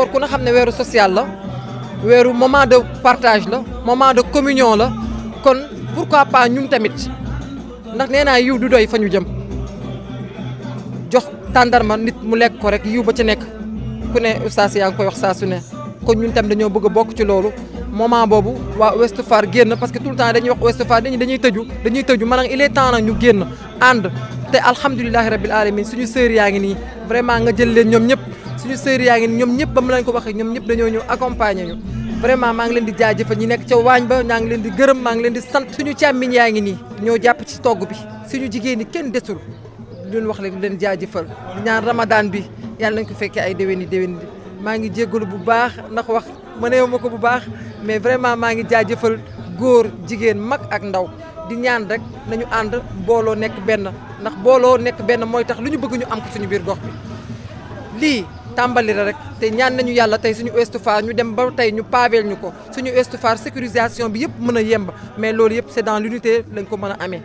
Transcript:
koor ku na xam ne weeru social la weeru moment de partage la moment de communion la kon pourquoi pas ñun tamit ndax nee naa yiw du doy fa ñu jëm jox tàndarma nit mu lekk ko rek yiw ba ci nekk ku ne oustaz yaa ngi koy wax saa ne kon ñun tam dañoo bëgg a bokk ci loolu moment boobu waa Ouest Foire génn parce que tout le temps dañuy wax Ouest Foire dañuy dañuy tëju dañuy tëju maanaam il est temps ñu génn ànd te alhamdulilahi rabil alamin suñu sœur yaa ngi nii vraiment nga jël leen ñoom ñëpp suñu sœurs yaa ngi ñoom ñëpp ba mu leen ko waxee ñoom ñëpp dañoo ñëw accompagner ñu vraiment maa ngi leen di jaajëfal ñu nekk ca waañ ba ñaa ngi leen di gërëm leen di sant suñu càmmiñ yaa nii ñoo jàpp ci togg suñu jigéen ñi kenn desul leen wax leen leen jaajëfal ñaan ramadan bi yàlla nañ ko fekkee ay déwén yi déwén maa ngi jéggalu bu baax ndax wax mëneewu ma ko bu baax mais vraiment maa ngi jaajëfal góor jigéen mag ak ndaw di ñaan rek nañu ànd booloo nekk benn ndax mbooloo nekk benn mooy tax lu ñu bëgg ñu am ko suñu biir gox bi lii tàmbali la rek te ñaan nañu yàlla tey suñu Ouest-Foire ñu dem ba tey ñu paaveel ñu ko suñu Ouest-Foire sécurisation bi yëpp mën a yemb mais loolu yëpp c'est dans l'unité lañ ko mën a amee